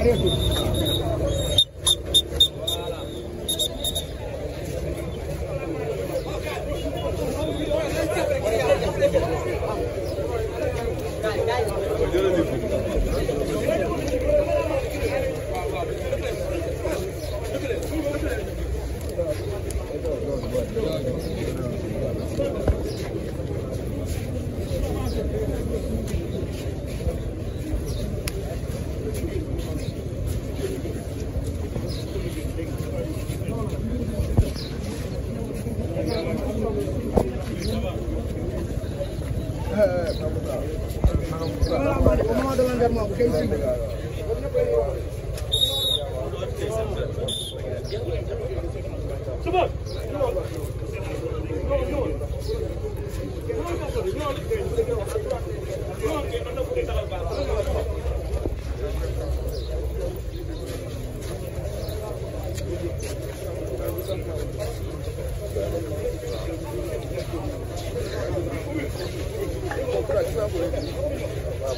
arrêté Thank you.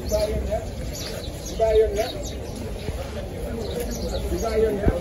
Di ba yun yan? Di ba yun yan? Di ba yun yan?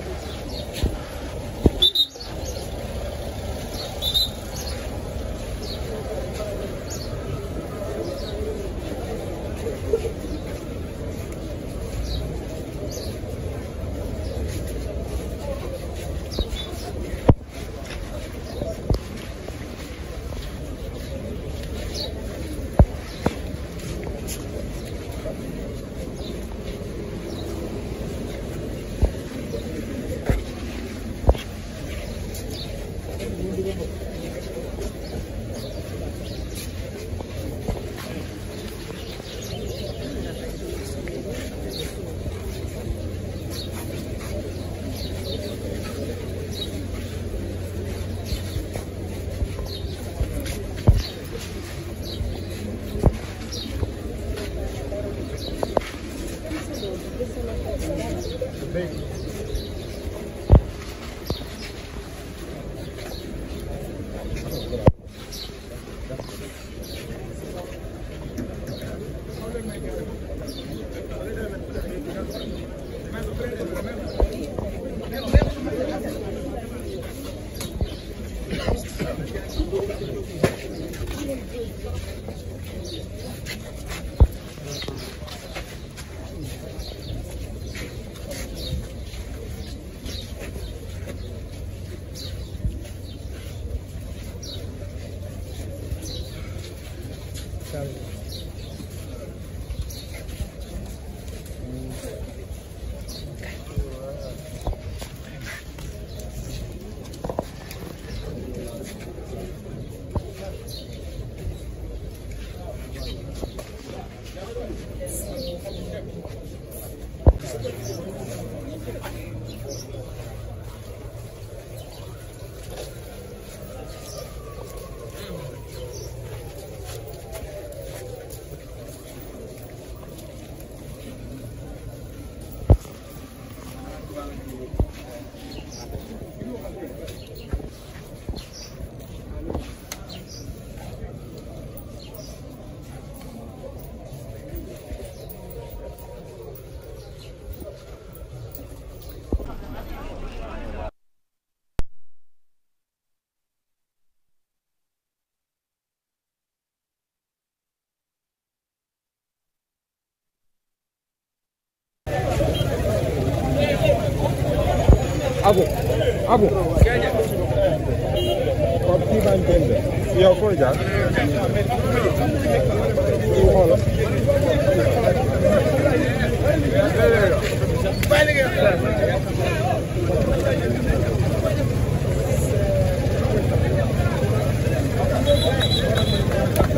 abu abu kon kii baa ngi benn yow fooy jaar xoola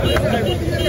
Thank you.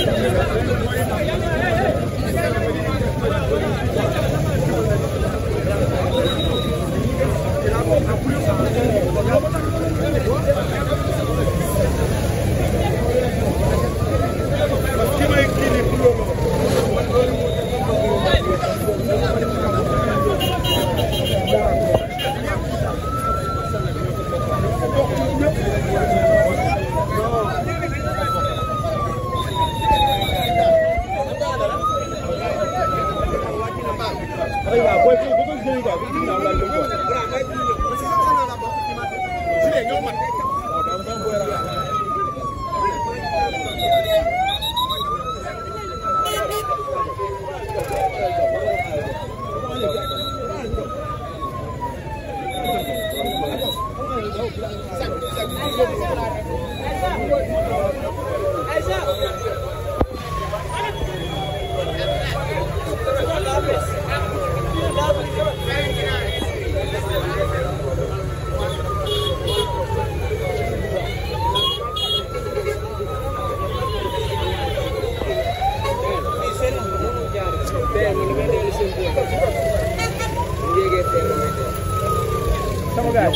sama gars